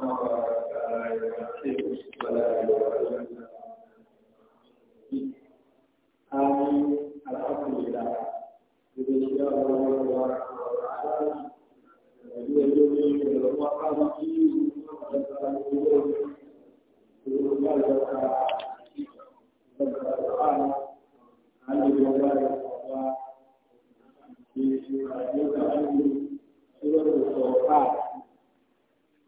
Thank uh -huh.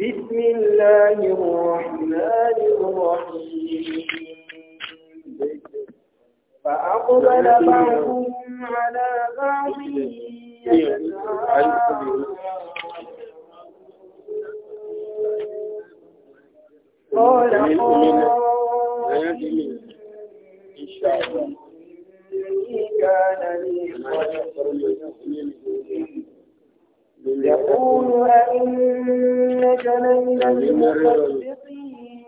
بسم الله الرحمن الرحيم فأقبل بعضهم على بعض قال قائل إن شاء الله كان لي خير يقول أئنك من المصدقين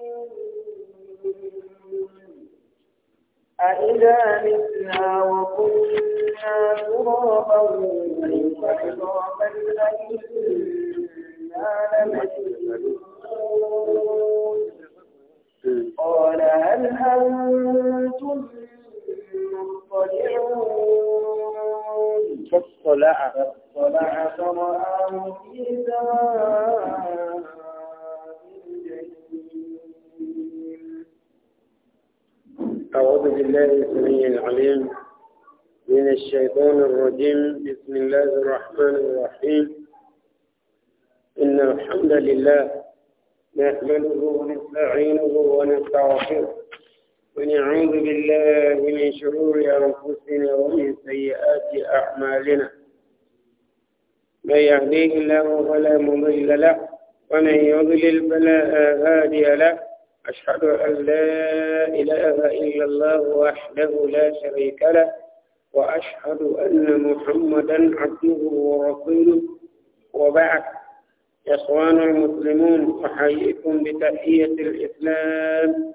أئذا متنا وكنا ترابا وعظاما أئنا لمسجون قال هل أنتم مطلعون فاطلع فاطلع فرآه في سواء أعوذ بالله السميع العليم من الشيطان الرجيم بسم الله الرحمن الرحيم إن الحمد لله نحمده ونستعينه ونستغفره ونعوذ بالله من شرور أنفسنا ومن سيئات أعمالنا من يهديه الله فلا مضل له ومن يضلل فلا هادي له أشهد أن لا إله إلا الله وحده لا شريك له وأشهد أن محمدا عبده ورسوله وبعد إخوان المسلمون أحييكم بتحية الإسلام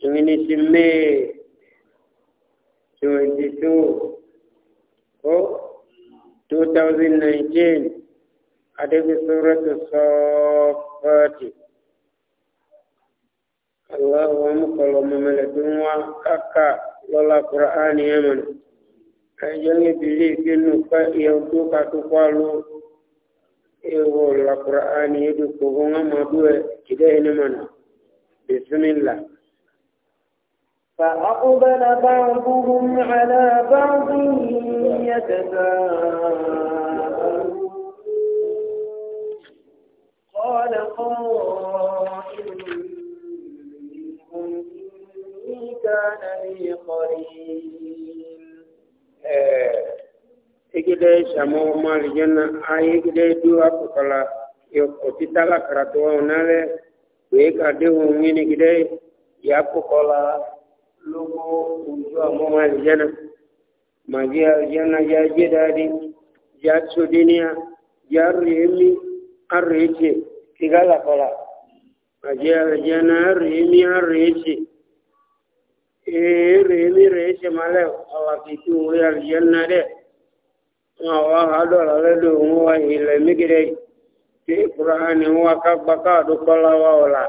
twenty May twenty two oh two thousand nineteen adébí sórètò sọfọtì aláwọ amúkọlọ mọmọlẹ tó ń wá káka lọlá kura áni ẹmọ ẹjọ ní bìlí ìpinnu ká iye tó ká tó kọ àlọ ewu lọlá kura áni ẹdùkú ọgbọn فأقبل بعضهم على بعض يتساءل قال قائل منهم إني كان لي قريب. إيه إيه إيه إيه إيه إيه إيه إيه إيه إيه إيه إيه yo koti tala kratu onale we kade wo ngine gide ya pokola loko unjua mwa aljana magia aljana ya jedadi ya sudinia ya rehemi arreche kigala kola magia aljana arrehemi arreche ee rehemi reche maleo awakitu uwe aljana de awa hadola ledo uwa ile migirei ti qur'ani uwa kagbaka dukola waola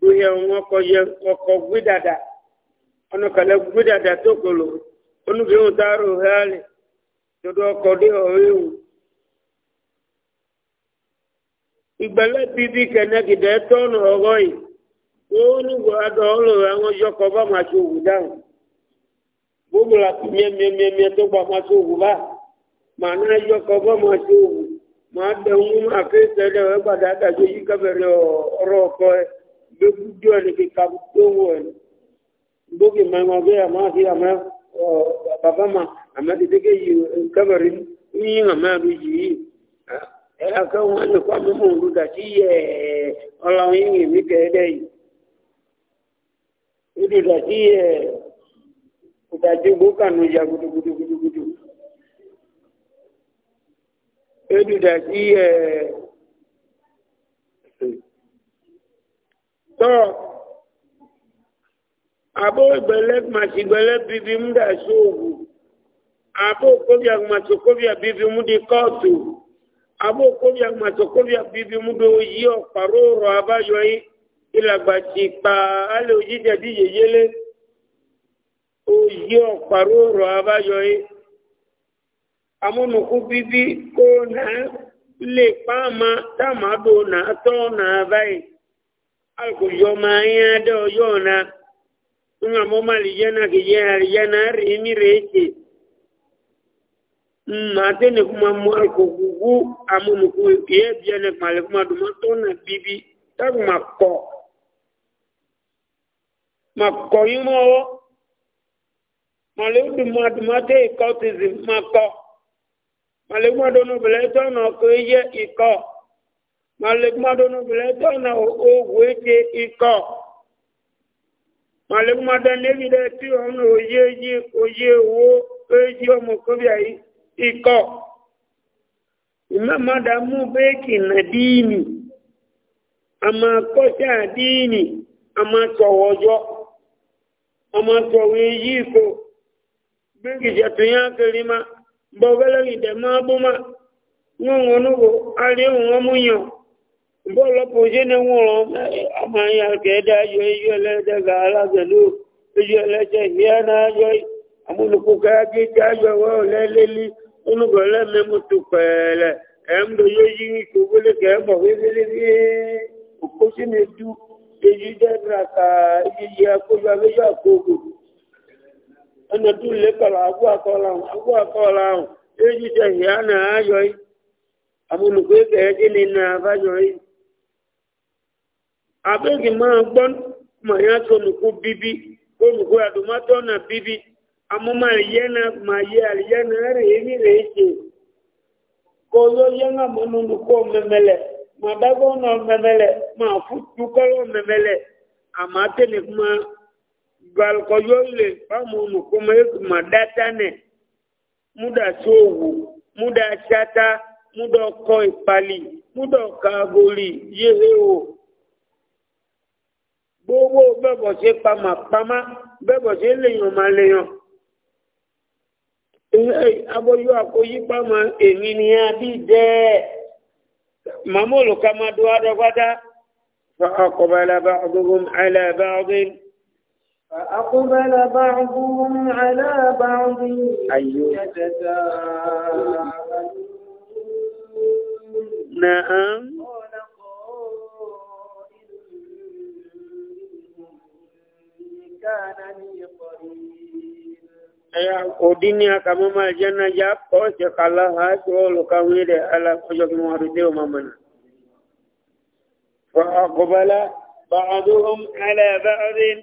bóyá wọn kọ yẹ ọkọ gbé dada ọ̀nà kàlẹ́ gbé dada tó kolo onugbéwòn taaro hẹ́ẹ́lì dodo ọkọ dé ọ̀hẹ́wò. ìgbẹ́lẹ́ bíbí kẹ̀nẹ́gìdẹ́ tọ́nù ọ̀rọ̀ yìí wọ́n nígbò adọ̀ ọlọ́rọ̀ àwọn yọkọ̀ bá máa ṣe òwú dáhùn gbogbo làtí mẹ́mẹ́mẹ́mẹ́ tó bá máa ṣe òwú bá màá náà yọkọ̀ bá máa ṣe òwú màá dẹ̀hún máa fẹ́ sẹ́lẹ̀ ẹ̀ gbàdá àtàjọ yìí kẹfẹ́rẹ́ ọ̀rọ̀ ọkọ ẹ̀ gbégúdé ẹni kíkà gbówó ẹni gbókè mẹ́mọ́ bí àmọ́ sí àmọ́ bàbá ma àmọ́ ti dékè yìí kẹbẹ̀rẹ̀ yìí àmọ́ ẹ̀rù yìí ẹ̀rọ kẹwọn ẹni kọ́ mímọ́ òru dàtí yẹ ọlọ́run yìí mi kẹ́ ẹ́ dẹ́ yìí ìdí dàtí yẹ ìdàtí gbókànú ya gudugudugudugudu ìdí dàtí yẹ. tọ́ àbó ìgbẹ́lẹ́ màsì gbẹ́lẹ́ bíbí mú dà sí òwò àbó kóbíà màsì kóbíà bíbí mú di kóòtù àbó kóbíà màsì kóbíà bíbí mú di oyí ọ̀pàrọ̀ ọ̀rọ̀ abáyọ yìí ìlàgbàtì pa alẹ́ òjì jẹ̀dí yèyélé oyí ọ̀pàrọ̀ ọ̀rọ̀ abáyọ yìí amúnukú bíbí kó náà lè pa àmà táàmà dò náà tọ́ náà alkuyoma yado yona nga moma lijana kijana lijana rimi reche hmm, matene kuma mwalko kuku amu nuku ye biane kumale kuma dumatona bibi taku mako mako yumo male uduma dumate ikotizi mako male umadono beleto na okoye iko malik madonu bile tona ogu ete ikọ malik madonu ebide ti ọnà oye eji oye ewo eji ọmọkọbịa ikọ imamada mú na díìnì a máa kọ́ṣà díìnì a máa ama ọjọ́ a máa tọ̀wọ̀ ikọ bẹ́ẹ̀kì jẹ̀tùyàn ma bọ́gẹ́lẹ́gì bọ́ọ̀lọ́pọ̀ ṣe ní wọ́n rán ọmọ ya àkẹ́ẹ̀dá ayọ́ iye ẹlẹ́dẹ́gà alágbẹ̀lú iye ẹlẹ́jẹ̀ ìyáná ayọ́ amúnukúkẹ́ agéjì ayọ́ ọlẹ́lẹ́lí onúgbọ̀lẹ́ mẹ́mú tó pẹ̀ẹ̀lẹ̀ ẹ̀mdọ̀ yóò yí ìṣòwòlé kẹ́ẹ̀bọ̀ abegi ma gbon ma ya to nuku bibi ko nuku ya do ma to na bibi amma ma yana ma ye al yana re ni re ce ko yo yana mo nu ko memele ma da go no memele ma fu tu ko lo memele amma te ne kuma gal ko le pa mo nu ko me ma data ne muda sowu muda chata muda ko ipali muda kagoli yehe o gbogbo bẹ́bọ̀ ṣe pamà pamá bẹ́bọ̀ ṣe léyàn máa léyàn aboyún àkóyí pamà èmi ni a bí jẹ́ màmú olùkà máa do adọ́gbádá فأقبل بعضهم على بعض فأقبل بعضهم على بعض أيوه نعم كانني قريب ya odini akamama aljanna ya koche kala hajo lokawile ala kojo kimwaride mamana fa aqbala ba'duhum ala ba'din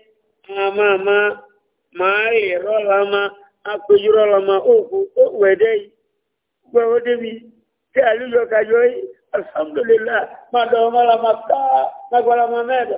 amama mari rolama akujuro lama uku wedei gwedebi te alulo kajoi alhamdulillah madoma la makka nagwala mamedo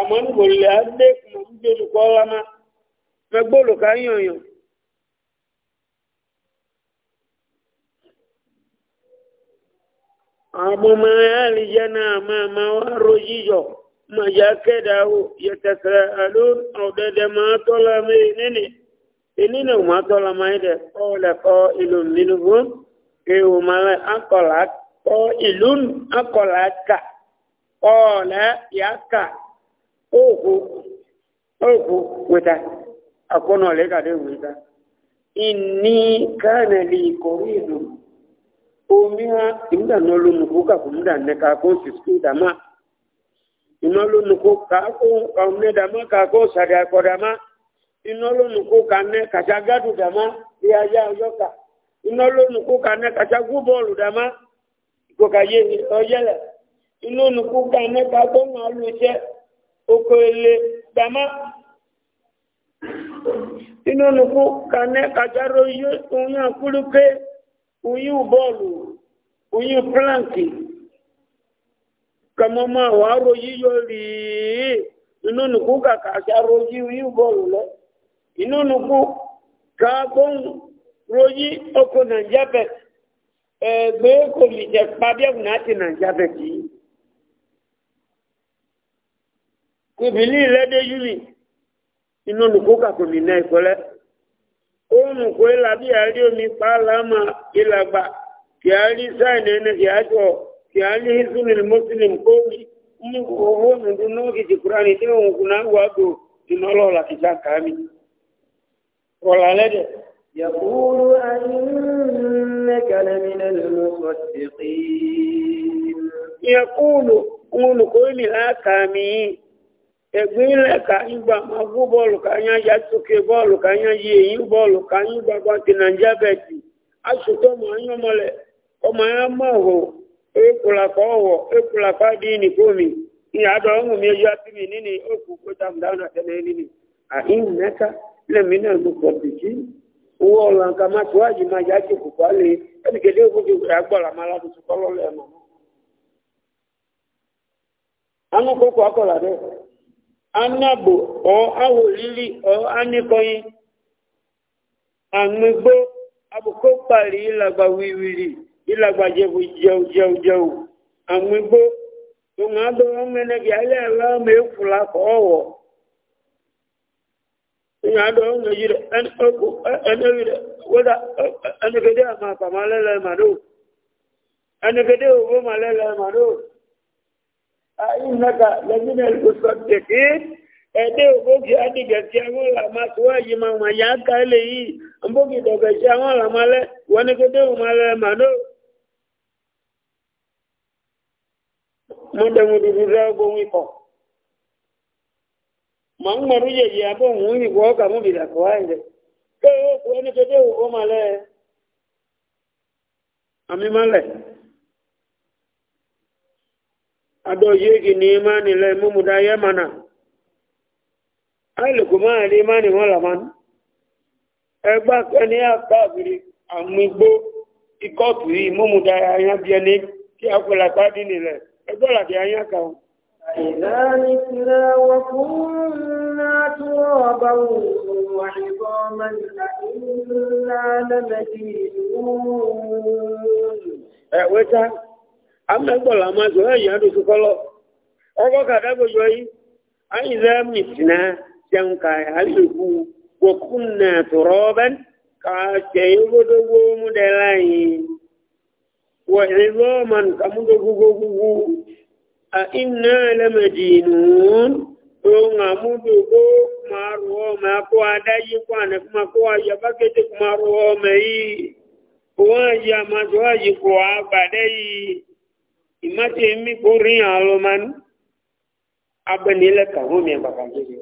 ọmọ nìgbòlè adé mọ̀ ń gbèlú kọ́ lámá mẹgbòlò ká yànyàn. àwọn ọmọ àlìyá náà máa máa wá rojí yọ mà yá kẹ́dà ó yẹtẹsẹ̀ àló ọ̀dẹ̀dẹ̀ máa tọ́lá mi nínú ìní náà máa tọ́lá máa dẹ̀ kọ́ lẹ́kọ́ ìlú nínú fún kéwù máa akọ̀lá kọ́ ìlú akọ̀lá kà kọ́ lẹ́ yá kà. oku oku weta akono aleka de weta inni kana li koridu umia imda nolu nukuka kumda neka ko sisku dama inolu nukuka ko kaumne dama ka ko sada ko dama nnukwu ka nukuka kacha gadu dama ya ya yoka inolu nukuka ne kashagu bolu dama ko kaye oyele inolu nukuka nnukwu ka ka ko ngalu che okele gbama inú nukú kanẹ́ kajaro oyún akúlùké oyún bọ́ọ̀lù oyún plánkì kàmọ́ máa wà ro yíyọ rìí inú nukú kàkà kajaro oyún bọ́ọ̀lù lọ inú nukú kàgbọ́n royí ọkọ̀ nàìjábẹ̀ ẹgbẹ́ kò lè jẹ pàbíẹ̀kùn láti nàìjábẹ̀ kìí ìbílí ìlẹ́dẹ́ yìí inú nìkó kàkùnmí náà ìkọlẹ́ ohun kò é labí àárí omi pàálàmà ìlàgbà kì á rí sáìnì ẹni kì á jọ kì á rí hísùnì mùsùlùmí kó mi ní owó nìdú náà kìtì kúránì tí òun kùnà wà tó iná lọ́la kìtà kàámi rọ̀là lẹ́dẹ̀. يقول أئنك لمن المصدقين يقول قول قول آكامي egbuile ka ń gba máa gbó ka anya ji sókè bọọlụ ka anya ji eyi bọ́ọ̀lù ka ń gba nke na bẹ̀tì aṣòtọ́ ọmọ ẹ̀yán mọ́lẹ̀ ọmọ ẹ̀yán mọ̀ hò ekùlàkọ́ ọ̀wọ̀ ekùlàkọ́ àdí nìkó mi ìyàdọ̀ ọ̀hún mi ẹjọ́ àti mi nínú òkú na tàbí dáhùn àtẹlẹ nínú àyìn mẹ́ta lẹ́mí náà ló pọ̀ bìkí owó ọ̀la nǹkan má tó anabo ɔɔ awo lili ɔɔ anikɔnyi aŋegbo aboko kpali ilagba wiwili ilagba dzewu dzewu dzewu dzewu aŋegbo tó ŋa do efula ŋa do ɔmɛ yi dɛ ɛn dɛ ama pama lɛ lɛ ma do owó ma lɛ lɛ ma do. innaka lamina al-musaddiqin ede obogi adigasi àwọn lama tuwaji ma ma ya ka le yi mbogi dogasi àwọn ma le ma no mo de mo dudu da go ko ma mo ka ko ke o ko ma ami ma ado yegi ni imani le mumu da yemana ale kuma le imani wala man egba keni akabiri amigbo ikotu yi mumu da yan bi eni ki akola padi ni le egba la ki yan ka إذا وكنا ترابا وعظاما أئنا لمدينون amẹ́gbọ̀lá máa zọ ẹ̀yà lóṣù kọ́lọ̀ ọkọ̀ kàdágbòjọ yìí àyìnlẹ́ mìtìnà jẹun ka àlèkù gbòkún náà tọrọ ọbẹ̀ ká jẹ ìgbódógbó mú dẹ láyìn wọ ìrìnlọ́ man kàmúdó gbogbogbò àìnà lẹ́mẹ̀dìnnún ìmáṣe mi kò rí àwọn ọlọmọnú abẹnilẹ kàwọn mi bàbá jẹjẹ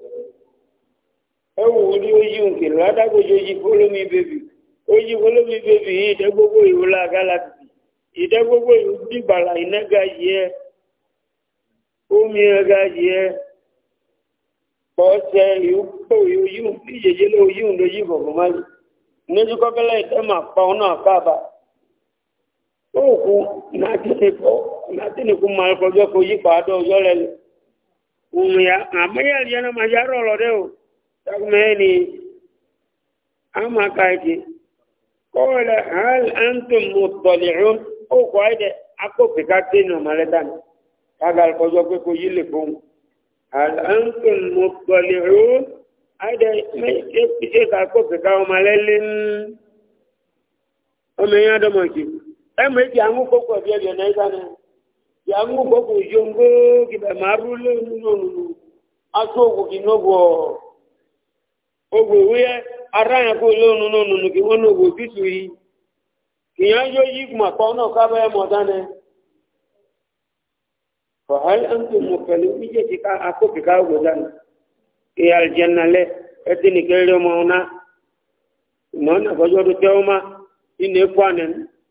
ẹ wò ó ní ojú òkè ládàgbòjò yìí fọlọmí bèbí ojú fọlọmí bèbí yìí ìdẹ gbogbo ìwò làgàlà ìdẹ gbogbo ìwò dìbàlà ìnẹgà yìí ẹ omi ẹgà yìí ẹ ọ̀ọ́sẹ̀ ìwúkọ̀ ìwòyíhùn bí ìjẹjẹ lóòyíhùn lójú ìbọ̀gbọ̀n máa ní ojú kọ́kẹ́lẹ́ ìtẹ́mà pa ọ̀nà àkáàbà òkú nàtínìkú máa kọjọ́ kò yí pàdọ̀ ọjọ́ rẹ̀ òmìnira àmúyẹ̀rí ẹ̀nà máa yára ọ̀lọ́dẹ́ o ṣàkùnmẹ́ ni a máa ka ẹ̀kì kọ́ọ̀lẹ̀ àǹtùn mú tọ̀lẹ̀rún òkú àìdẹ̀ akófìká tínú mọ̀lẹ́dà mi kága kọjọ́ pé kò yí lè fún àǹtùn mú tọ̀lẹ̀rún àìdẹ̀ mẹ́ṣẹ́ kí ṣe kà akófìká ọmọ alẹ́lẹ́ ọmọ ẹ̀yìn adọ́mọ̀kì ẹmọ eji aṅụ kpokwu ọbịa bịa na ịga na ji aṅụ kpokwu ujo mgbe gibe ma arụle n'olulu atụ ogwu gị n'ogwu ogwu ya ara ya kwa ole gị nwe n'ogwu yi kì yẹn yóò yí màkà ọ̀nà kábà ẹ̀ ị na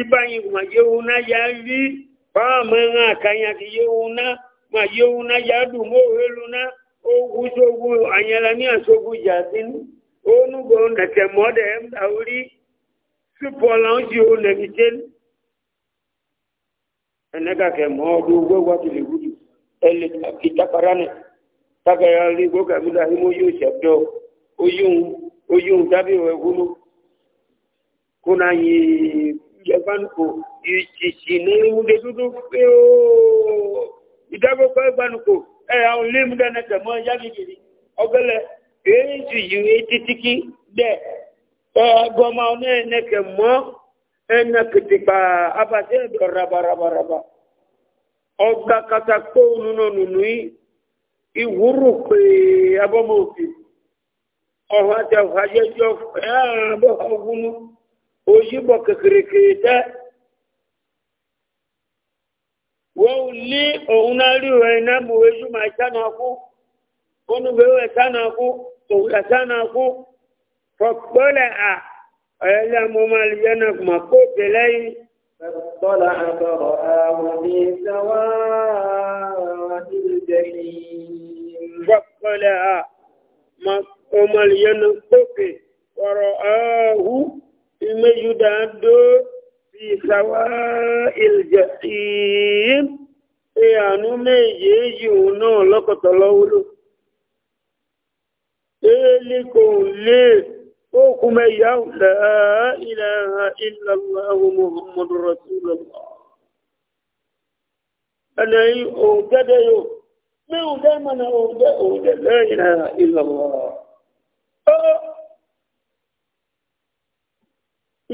ibanyi ma yeuna yali pamanga kanya yeuna ma yeuna yadu mo heluna o guso asogu jatin onu gonda te modem dauri supolan ji o le mitel enaka ke mo du go ele kita parane taka yali go ka bila himo yu shebdo oyun oyun tabi we kuna yi ìjẹ̀gbánukò ìṣìnirúnde dúdú pé ooo ìdágbókò ìgbánukò ẹ̀yà olè mú dánẹ́kẹ̀ mọ́ yágìgìrì ọgbẹ́lẹ̀ èyí ti yìí títí kí dẹ̀ ẹgbọ́mọ onẹ́ẹ̀nẹ́kẹ̀ mọ́ ẹ̀nà kìtìpà abàtẹ́ ẹ̀dọ̀ rabarabaraba ọgbà katakó nínú nùnú ìwúrù pé abọ́mọ òkè ọ̀hún àti ọ̀hún ajẹ́jọ́ ẹ̀ẹ́dọ̀ ọ̀hún ojibo kekirikirite wọ́n lé òun náà rí rẹ̀ iná mùwé jùmọ̀ ìtànàkú onúgbèrú ìtànàkú òun ìtànàkú fọ̀pọ̀lẹ̀ à ẹ̀yẹ́ mo máa lè yẹn náà mà kó pè lẹ́yìn. fọ̀pọ̀lẹ̀ àtọ̀rọ̀ àwọn ní sáwá ìlúdẹ̀ yìí imejudado fi sawa iljahim e anu mejeji una lokotolo wulu eliko le okum ya la ilaha illa allah muhammadur rasulullah anayi o gade yo me o de mana o de o de la ilaha illa allah oh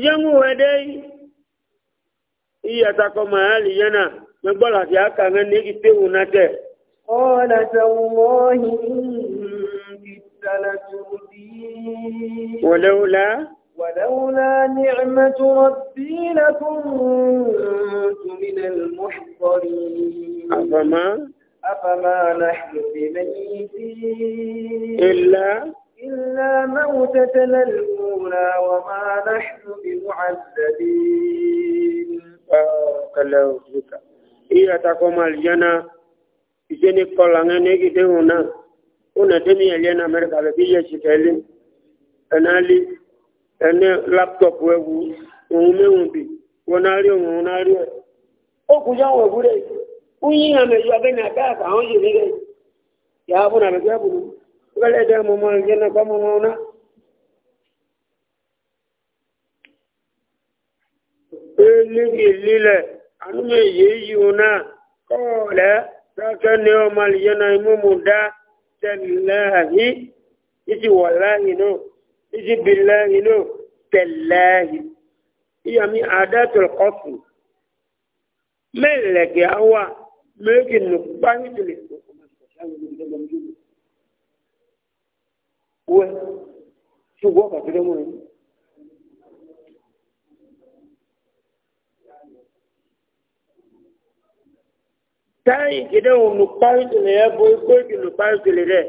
yẹmu wẹdẹ iyatakọ mahali yẹna mẹgbọla ti aka ŋa negi tewu natɛ. ọ̀la sàwùmọ́hì wàlẹ́wùlá. wàlẹ́wùlá ní ẹ̀mẹ́tò rọ̀bì lẹ́kùn-ún tùmínà mọ́ṣùkọ́rì. àfàmà. àfàmà náà ṣùgbọ́n mẹ́yìn sí. ìlà. إلا موتتنا الأولى وما نحن بمعذبين kalau suka iya ta koma aljana ijeni kolanga ne gide una una demi aljana amerika le biya chikeli enali ene laptop wewu ume umbi wonari wonari o kuja wegure uyi na mejo abena ka ka onje bige ya bona bege bunu wale da mu mun gina ba mu mauna eligi lile anu me yeyi una kole saka ne o mal yana imu muda tallahi iti wallahi no iti billahi no tallahi iya mi adatul qasl meleke awa mekin nukbani tulis wẹ ṣùgbọ́n kàtúndé mú yín. táyì kéde òun lù parí tìlẹ̀ ẹ bo igbó ìdì lù parí tìlẹ̀ rẹ̀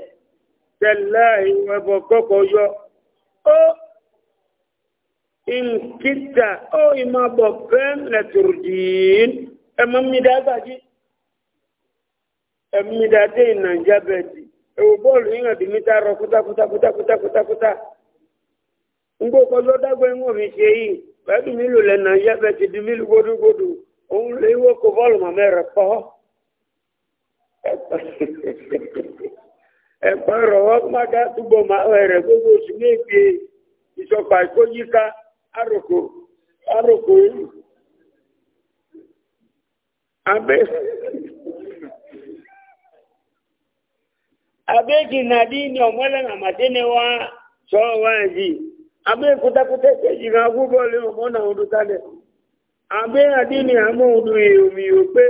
tẹ̀lé ìwọ̀n ẹ̀bọ̀ gbọ́kọ̀ yọ ó ìǹkìtà ó ìmọ̀ bọ̀ bẹ́ẹ̀ lẹ́tùrùdìín ẹ̀mọ́ mi dá gbàdí ẹ̀mí mi dá dé ìnàjà bẹ́ẹ̀ dì ewu bọ́ọ̀lù yíyan di kuta kuta kuta ngbó kọjọ dágbé ń wọ̀ mí ṣe yìí milu mi lò lẹ́nà yẹ́bẹ̀ ti di mílù gbódúgbódú òun lè wó kó bọ́ọ̀lù mọ̀mẹ́ rẹ̀ pọ́ ẹ̀pọ̀ ìrọ̀wọ́ mádá túbọ̀ máa rẹ̀ gbogbo oṣù méje ìṣọ̀pá ìkóyíká àròkò àròkò yìí abẹ́ abeji na dini omwele na matene wa so waji abe kutakute keji na gugo le omona udutane abe na dini amu udu yumi upe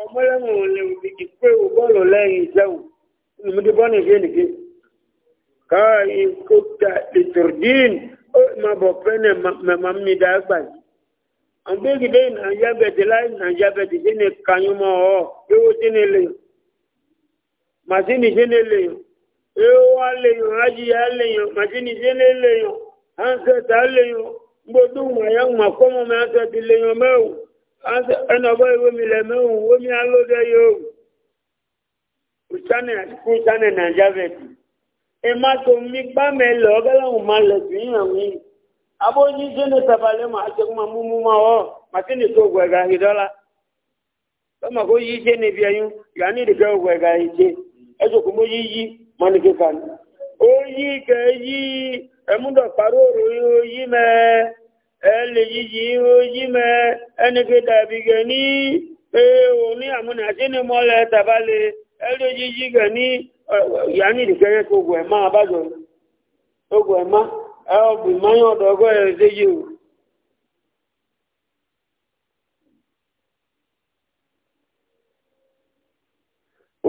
omwele na ole ubiki pe ubolo le isau numudi bone genike ka ikuta liturdin o mabopene mamamni dagba ambegi de na yabete lai na yabete dine kanyuma o yo dine le màsíìnì ṣe ní eléyàn ewúwa léyàn ajíyà léyàn màsíìnì ṣe ní eléyàn ánsẹ̀tà léyàn gbódú màyà mà kọ́mọ mi ánsẹ̀tì léyàn mẹ́wù ẹnàbọ́ ìwé mi lẹ̀ mẹ́wù omi alóde yóò kùsánẹ̀ àti kùsánẹ̀ nàìjà bẹ̀tì ẹ má tó mi gbá mẹ́lẹ̀ ọgọ́láhùn má lẹ̀ ẹjọ́kùn mọ́ yíyí mọ́nìkíkà ni ó yí kẹ́ yí o pàróòrò o yí mẹ́ ẹ lè yíyí ó yí dàbí gẹ̀ ní èèwò ní àmúnà ní mọ́lẹ̀ tàbálẹ̀ ẹ lè yíyí gẹ̀ ní yàní ìdíkẹ́yẹ́ tó gbọ̀ ẹ̀ máa bájọ́ tó gbọ̀ má ẹ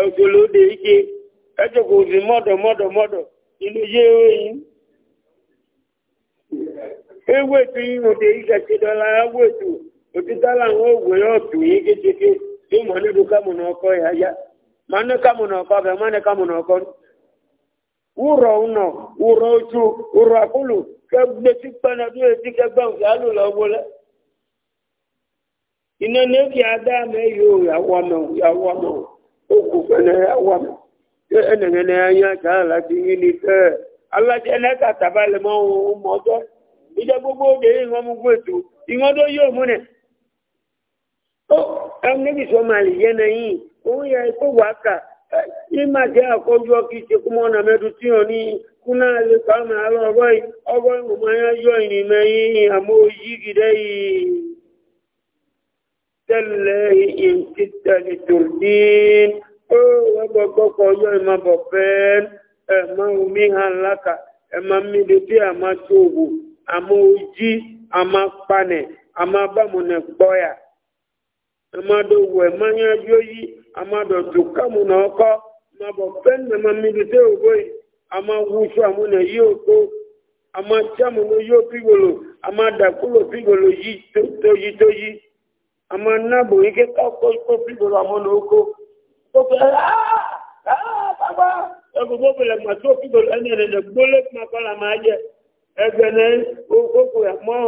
ẹ̀kọ́lọ́ de ike ẹ̀jọ̀kọ̀ òsì mọ́dọ̀ mọ́dọ̀ mọ́dọ̀ inú yé oyin. ewé tí òde ike ti dọ́là awé tù òtítà làwọn òwe yóò tù yín kékeré tí mọ̀ nínú kámùnà ọkọ yà yá mọ̀ ní kámùnà ọkọ bẹ̀ mọ̀ ní kámùnà ọkọ. wúrọ̀ ọ̀nà wúrọ̀ ojú wúrọ̀ àkúlù kẹgbẹ́ tí pẹ́nadú etí kẹgbẹ́ òkè alù lọ́wọ́ lẹ́ iná ní kí adá mẹ́ yóò yàwọ́ mẹ́wọ́ yàwọ́ mẹ́wọ́. ukufene awam enengene anya taala dingini ala ene ka tabale mo moto ije gbogbo de ngo mu etu ingo do yo mu o en so mali na ya ko waka eh, ima je akojo ki se kuma na medu ti oni kuna le ka ma lo ma yo amụ yi gide tẹ́lẹ̀ ìtìtẹ̀lì tòdín ó wọ́pọ̀ gbọ́kọ̀ ọjọ́ ìmọ̀bọ̀ fẹ́ ẹ̀mọ omi aláka ẹ̀mọ mídìí bí àmà tóògù àmà ojí àmà panẹ̀ àmà bámúnẹ̀ gbọ́yà yẹn ọkọ́ fẹ́ yìí wúṣọ àmúnẹ̀ yí òkó dàkúlò yí tó yí tó yí. àmọ́ náàbò ike kọ́kọ́ tó bíbò lọ́mọ lóko ah, ah, tó fẹ́ bàbá ẹgbẹ́ tó fẹ́lẹ̀ mà tó bíbò lẹ́nu ẹ̀rẹ̀dẹ̀ gbólé mà kọ́là máa jẹ ẹgbẹ́ náà okòkò ẹ̀ mọ́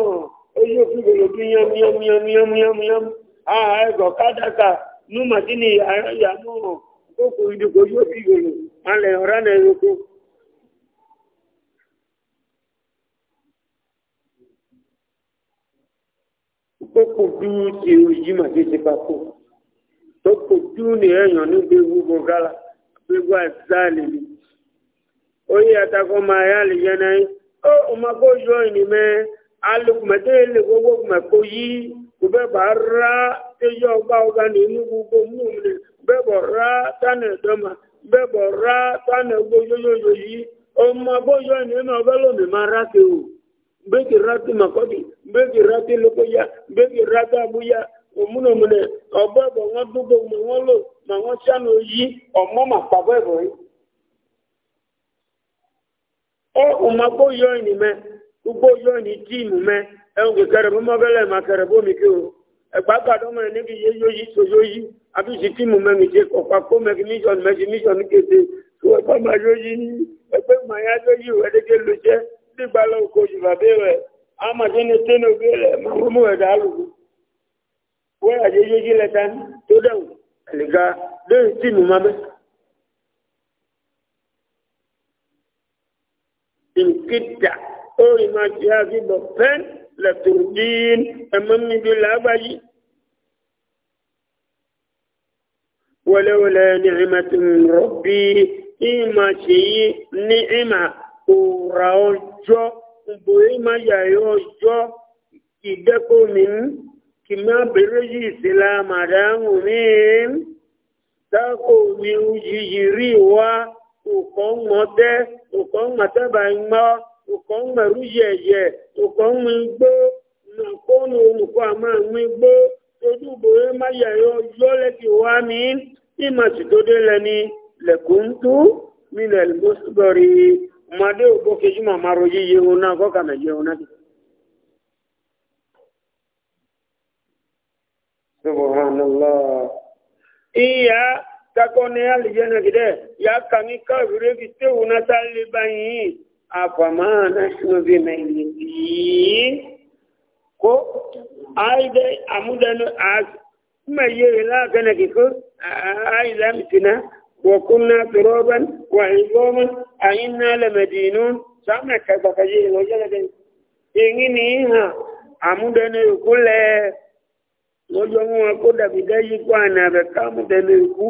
oyún bíbò lòdù yánmúyánmúyánmúyánmúyánmú àà ẹ̀gọ́ kádàkà nú màtí ni ìyàmú okòkò ìdìbò yóò bíbò lò má lẹ̀ ọ̀rá náà yóò kó. kókò dúró ti ojú màdé ti papò tókò dúró ní ẹ̀yàn ní gbégbó gbọ̀gálà gbégbó àtìsáàlì ni oyi atakọ máa ya lè yẹn náà ó ọmọ kó yọ ìní mẹ gbogbo kò bẹ́ẹ̀ bá rà ẹyọ ọgbà ní inú gbogbo mú mi bẹ́ẹ̀ bọ̀ rà tánà ma bẹ́ẹ̀ bọ̀ rà tánà o yóyóyó yìí ọmọ kó yọ ìní mẹ lómi o. beki rati makodi beki rati lokoya beki rati abuya omunomune ọbọ ẹbọ wọn dúgbò mọ wọn lò mọ wọn sànù yí ọmọ mà pàbọ ẹbọ yìí. ọ ọmọgbó yọ ẹni mẹ gbogbo yọ ẹni tíìmù mẹ ẹwọn kò kẹrẹ bó mọgẹlẹ mà kẹrẹ bó mi kí o ẹgbà gbàdọ mọ ẹni kì yé yóyí tó yóyí àbí sì tíìmù mẹ mi dìgbà lọ kò jù bàbá rẹ̀ amàdé ní tẹ́nà òbí rẹ̀ máa mú ẹ̀dá lùkù wọ́n àdé yéjì lẹ́ta tó dẹ̀wù àlìgá lóyún tí nù máa bẹ́. ìkìtà máa ti á fi bọ̀ pẹ́ẹ́n lẹ́tọ̀ọ́dín ẹ̀mọ́mídìí làágbáyé. wọléwọlé ní ìmọ̀tò rọ̀bì ìmọ̀ ṣèyí ní ìmọ̀ òòrà ọjọ́ gbogbo ìmọ̀ yàrá ọjọ́ ìdẹ́kọ̀mí kì máa bèrè yìí sí la màdámù ní dákò mi yìí rí wá òkò ń mọ̀tẹ́ òkò ń mọ̀tẹ́bà ń mọ́ òkò ń mẹ̀rú yẹ̀yẹ̀ òkò ń mi gbó nàkónú olùkọ́ àmọ́ mi gbó ojú bòwe má yàrá ọjọ́ lẹ́kì wá mi ìmọ̀ sì tó dé lẹ́ni lẹ́kùn tú mílẹ̀ made uboke juma maroji yeuna ko kame yeuna subhanallah iya takone alijana kide ya kanika vile vite unasali bayi apa maana shino vimeili ko aide amudano as ma yela kana kiko aida mtina وكنا ترابا وعظاما أئنا لمدينون سامع كيف كجيه وجلد إنني ها عمودنا يقول lọ́jọ́ mú wọn kó dàbí dáyé kó àná rẹ̀ káàmù tẹ̀lé ikú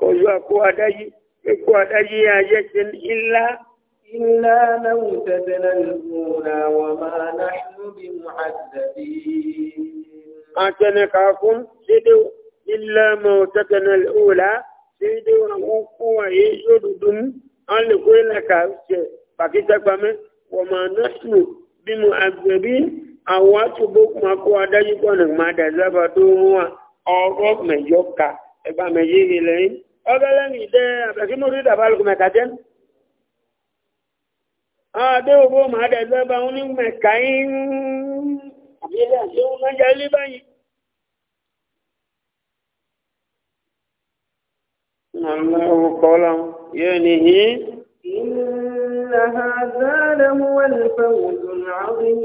kọjú àkó adáyé kíkó adáyé ayé ṣe ńlá. ńlá náà tẹ̀lé lùmúra wà máa náà bí muhàdàbí. àtẹnìkà fún ṣédé ńlá mọ̀ tẹ̀lé lùmúra déédéé wọn kó kó àyè yóò dúdú mú wọn lè kó ilẹ̀ ká jẹ pàkítà pamẹ́ wọ́n máa ná sùn bí mo àgbẹ̀bí àwọn àtúbọ̀kùn akó adájú pọ̀nà máa dàzábà tó ń wà ọ̀rọ̀ mẹ̀jọ ka ẹgbà mẹ̀jẹ ilẹ̀ yìí ọgẹlẹ́ni dẹ́ àbẹ̀kí mo rí dàbálùkù mẹ̀ka jẹ́ àdéhùn bó máa dàzábà ó ní mẹ̀ka yín ilé àti ohun mẹ́jẹ ilé báyìí. الله قوله ينهي إن هذا لهو الفوز العظيم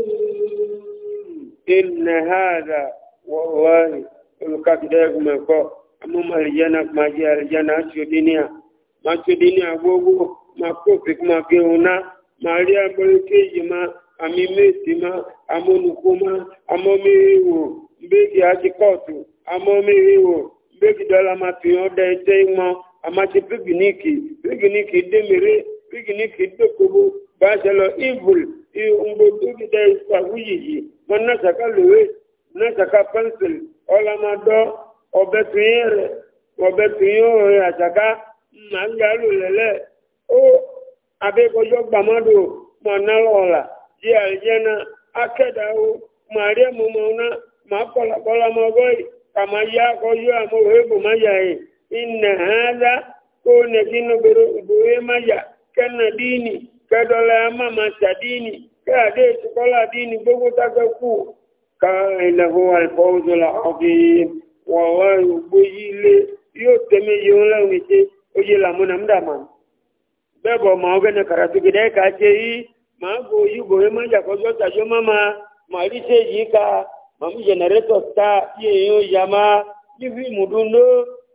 إن هذا والله الكتاب مكو أما الجنة ما جاء الجنة شو دنيا ما شو دنيا بوبو ما كوفك ما كيونا ما ليا بلكي ما أمي ميسي ما أمونكو ما أمومي إيو بيكي هاتي كوتو أمومي إيو بيكي دولا ما تيون دا يتيمو amasi pikiniki pikiniki demere pikiniki dokobo basalɔ ivul ngbo dókítà ìfàwùyìyì mọ nasaka lòwe nasaka pencil ọlọmọdọ ọbẹ tuyẹ rẹ ọbẹ tuyẹ ọrẹ asaka màgbàlù lẹlẹ ó abẹkọjọ gbàmọdò mọ nálọọlà di àlìjẹnà akẹdàwó màríẹmù mọ náà màkọlàkọlà mọ bọyì àmọ òwe bò ma yà yìí. inna hadha ko ne kinu buru buwe maya kana dini ka dola mama sa dini ka de tukola dini gbogbo taka ku ka ilahu alfawzu alazim wallahi gboyi ile yóò tẹ̀mí yóò lẹ́wọ̀n ṣe ó yé làmúnà ń dà máa bẹ́ẹ̀ bọ̀ máa ọgẹ́nà kàràtù gidẹ́ ká ṣe yìí máa bo yìí bòye máa yàkọ́jọ́ tàṣọ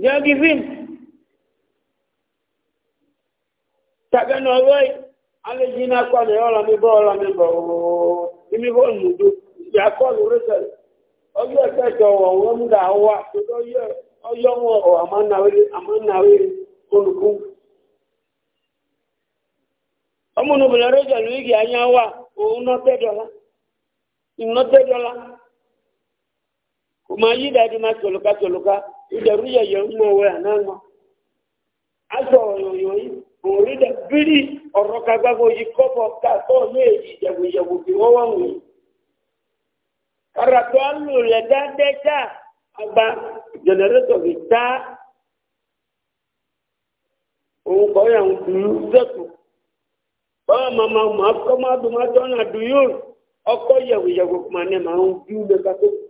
Dia pergi film. Takkan orang ala jina kwa le ola mi bo ola mi bo mi bo ya ko lu re o yo se to wo wo mu da wa to do ye o o ama ama we ko lu ku anya wa o no kuma yi dadi ma toloka toloka idaruya ya mo we anango aso yoyo yi ori da biri oro ka gbago yi kopo ka to ne yi jabu jabu bi wo wa nwi alu le da ta agba generator bi ta o ko ya un zetu ba mama ma ko ma du ma dona du yo ọkọ yẹwùyẹwù kuma ne ma ń dúró lẹ́ka tó kù.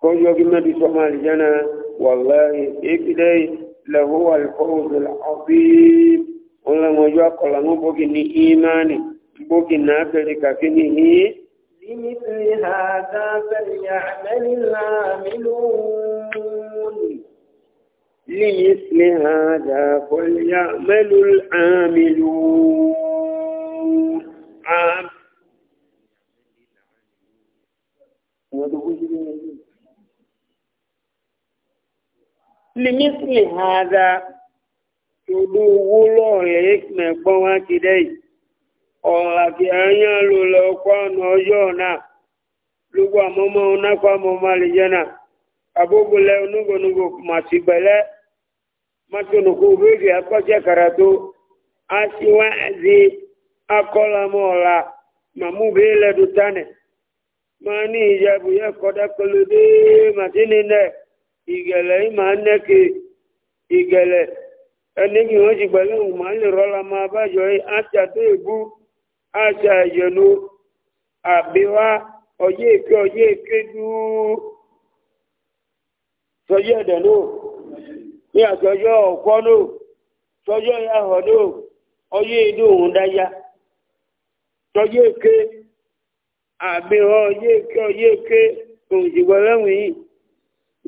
كل جمد سمع الجنة والله إكدي لهو الفوز العظيم ولا مجاق لنا بقني إيماني بقنا بلككنه لمثل هذا فليعمل العاملون لمثل هذا فليعمل العاملون عام. limithili hadha tòdó owó lọ́ọ̀lẹ́ mẹ̀gbọ́n wá ti dẹ́yì ọ̀làkì àyàn ló lọ kọ́ ọ̀nà ọjọ́ náà lóko àmọ́mọ́ onákọ́ àmọ́mọ́ àlejò náà abóbulẹ̀ onúgbònúgbò màtí gbẹ̀lẹ́ mátònùkú bébì akọ́jẹ́ kàràtó aṣíwáàzí ìgẹ̀lẹ̀ ìmọ̀ anẹ́kẹ́ ìgẹ̀lẹ̀ ẹnìkì wọ́n ma gbẹ̀lẹ̀ ìmọ̀ alẹ́ rọ́lá máa bájọ́ àtàtà e, acha àṣà ìyẹnu àbíwá ọjọ́ èké ọjọ́ èké dúró ẹ̀dẹ̀ náà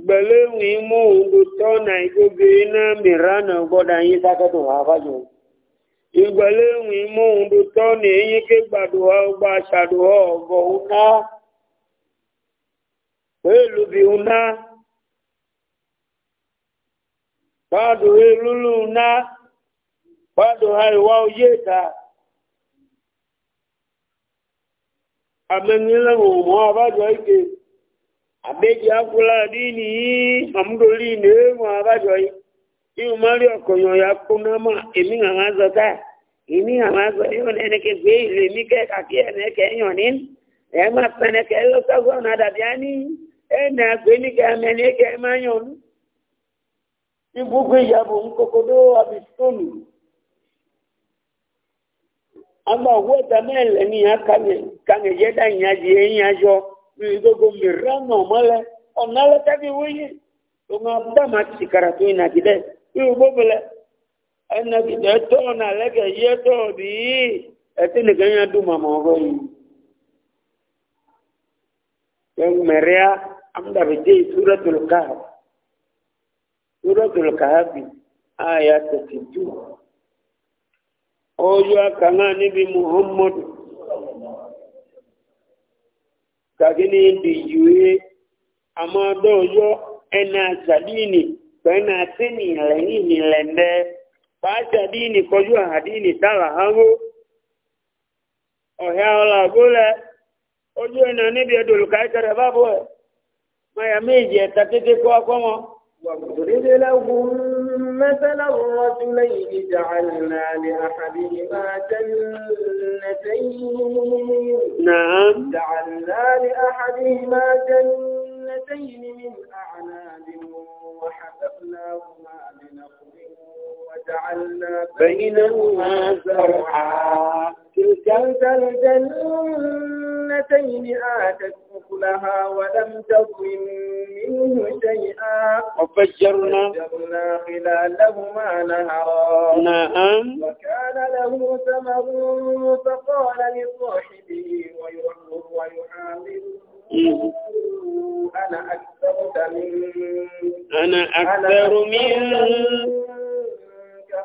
gbẹ̀lẹ́ ìwé mú ògbò tọ́nà ìgbógbé iná mìíràn gbọ́dọ̀ yí sákẹ́tù àbájọ. ìgbẹ̀lẹ́ ìwé mú na èyí ké gbàdúrà ọgbà ṣàdúrà ọgbọ̀ ọ̀nà pẹ̀lú ọ̀nà ọ̀nà àmẹ́ni lẹ́wọ̀n ike. àbẹ́jì akúlá dínì yìí àmúdólì ní èèmọ̀ àbájọ yìí tí o máa rí ọkọ̀yàn ya kó náà mọ̀ èmi àwọn azọ táà èmi àwọn azọ yóò ní ẹnìkẹ́ gbé ìlú èmi kẹ́ka kí ẹnìkẹ́ yàn ní ẹ máa pẹnẹkẹ ló sọ́gbọ́n náà dàbí á ní ẹnì àgbẹ̀ níkẹ́ amẹ́ni ẹ̀kẹ́ ẹ máa yàn ní. ibùgbé ìyàbò ń kokodó àbí stóòlù. àgbà òwú ẹ̀ta mẹ́rin lẹ́ni àkànyẹ̀jẹ́dá ìyàjẹ́ ìyàjọ́. gbogbo mìíràn nà mọ́lẹ̀ ọ̀nà lọ́tẹ́bí wíyí tó ń bá máa ti kàrà tó ìnà jìdẹ́ wíwú gbóbulẹ̀ tọọ jìdẹ́ tó tọọ lẹ́gẹ̀ yẹ tó bí ẹtí nìkan yẹn dùn màmọ́ ọ̀rọ̀ kagini dijuye ama dojo ena sadini kwena tini lenini lende bacha dini kojua hadini tala hangu oheola gule ojue na nibi adulu kaikare babu maya miji tatete kwa مثلا الرجلين جعلنا لأحدهما جنتين نعم جعلنا لأحدهما جنتين من أعناب وحففناهما بنخل وجعلنا بينهما زرعا تلك الجنتين آتت أكلها ولم تظلم منه شيئا وفجرنا خلالهما نهرا نعم وكان له ثمر فقال لصاحبه ويحمر ويحامله أنا أكثر منك أنا أكثر منك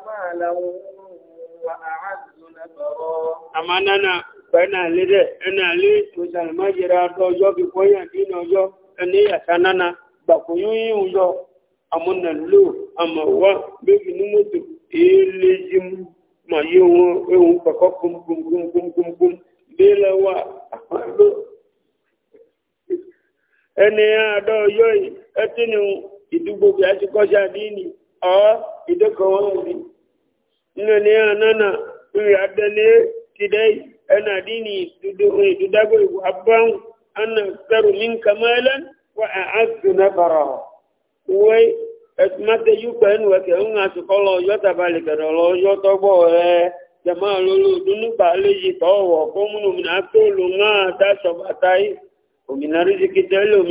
مالا وأعز نفرا أما أنا بين أهل أنا لي وسلمان جرى أجو بكوين دين أجو ẹni yàtá nana gbàkú yóyún yọ àmúna lò àmọ wá bébí ní mọtò èélé jimu mà yé wọn ehun kọkọ wa ẹni e e e ni a nínú ìwà báwọn. ana fẹ́rù mi nǹkan mẹ́lẹ́ wà á àgbẹ̀ mẹ́bàrà wẹ́ ẹ̀tùmáṣe yúgbẹ́ ẹnu ẹ̀kẹ́ ń hàn sí kọ́lọ̀ ọjọ́ tàbálẹ̀ kẹ̀dọ̀ lọ ọjọ́ tọ́gbọ̀ rẹ jẹ̀mọ́ lórí òdúnúgbà léyìí tọ́wọ̀ kó múnú òmìnira tó lò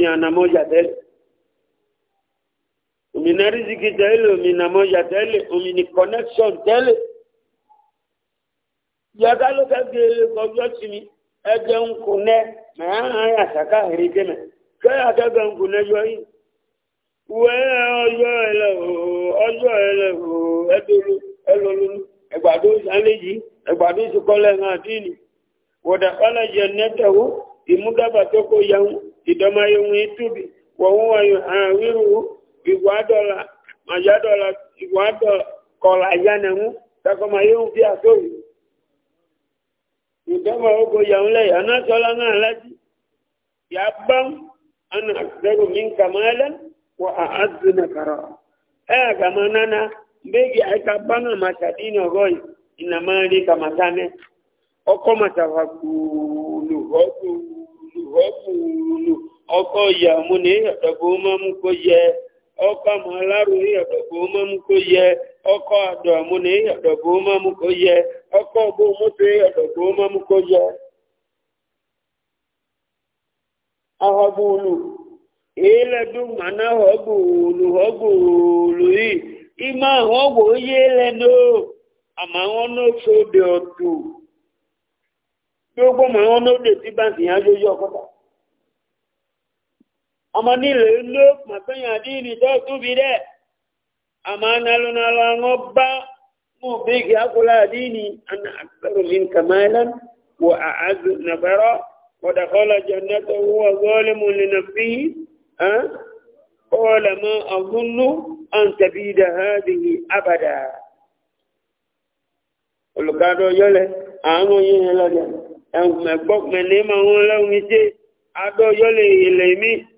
ẹgbẹ́ ń kò nẹ́ mẹ́rin àṣàkà ìrìkẹ́ mẹ́ kẹ́yà kẹ́gbẹ́ ń kò nẹ́ yọ yìí wẹ́ ọjọ́ ẹlẹ́ ooo ọjọ́ ẹlẹ́ ooo ẹdọ́lú ẹlọ́lú ẹgbàdo alẹ́yìí ẹgbàdo ìsìkọ́lẹ̀ náà dínì wọ̀dà kọ́lẹ̀ jẹ nẹ́tẹ̀wó ìmúdàbà tó kó yẹun ìdọ́mayẹun ìtúbi wọ̀hún ayọ̀ àwírù ìwádọ́la màjádọ́la ìwádọ́ kọ́lá yánẹ̀wó takọ́mayẹun bí àtọ́yìí ìdámà ogo yàwó lẹ́yìn anásọ́lá náà lájí yà bá ń ana àtẹ́rù mi ń kàmá ẹlẹ́ wọ àádùn nàkàrọ̀ ẹ àgàmà nánà bẹ́ẹ̀gì àìka bá náà mà tàbí ní ọ̀rọ̀ yìí ìnà máa rí kàmá sáné ọkọ̀ mà tàfà kùlù ọkùlù ọkùlù ọkọ̀ yàwó ní ọ̀dọ̀gbọ̀ máa mú kó yẹ ọkọ àmàlárò ìyàdọ̀bò mọ́múkó yẹ ọkọ àdọ̀múnà ìyàdọ̀bò mọ́múkó yẹ ọkọ ọgbó mọ́tò ìyàdọ̀bò mọ́múkó yẹ. ahọ́gbùlù ìlẹ́dùn màná họ́gbùlù họ́gbùlù yìí ìmọ̀ àwọn ọgbò yé lẹ́nu ọmọ nílẹ̀ ló pàpẹ́yàn àdínì tó túbi dẹ́ àmà nalọ́nalọ́ àwọn bá mú bí i àkọlá àdínì àkọrùmín kàmáìlán wọ àázù nàbẹ́rọ́ wọ́dàkọ́lá jẹ́nẹ́tọ̀ wọ́n gọ́ọ̀lẹ́mù lẹ́nà fi قال ما أن تبيد هذه أبدا olùkádọ́ yọ́lẹ̀ àwọn yìí lọ́dẹ̀ ẹ̀mẹ̀gbọ́kùnmẹ̀ ní ma wọ́n lẹ́wọ̀n ìṣe adọ́ yọ́lẹ̀ ìlẹ̀ mi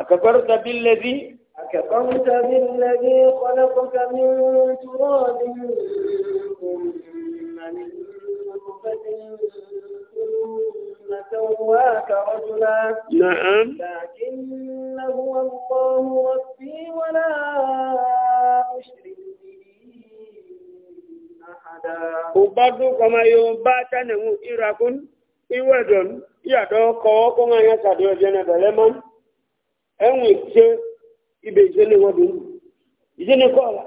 أكفرت بالذي أكفرت بالذي خلقك من تراب ثم من نطفة ثم سواك رجلا نعم لكن هو الله ربي ولا أشرك Ubadu kama yo bata na mu irakun iwadon ya do ko ko nganya sadio jena beleman ẹ̀wọ̀n ìṣe ibẹ̀ ìṣe lè wọ́n dùn ìṣe ní kọ́ ọ̀la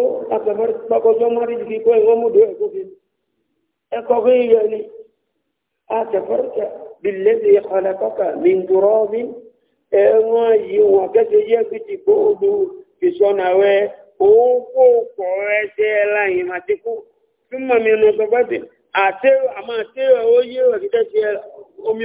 ó àtàfẹ́rẹ́ pàkọ́jọ́ márìjì kí ni àtàfẹ́rẹ́ bìlẹ̀ ti kọ́lẹ̀ mi ń mi ẹ̀wọ̀n yìí wọ́n kẹ́sẹ̀ yẹ fi ti gbóòdù omi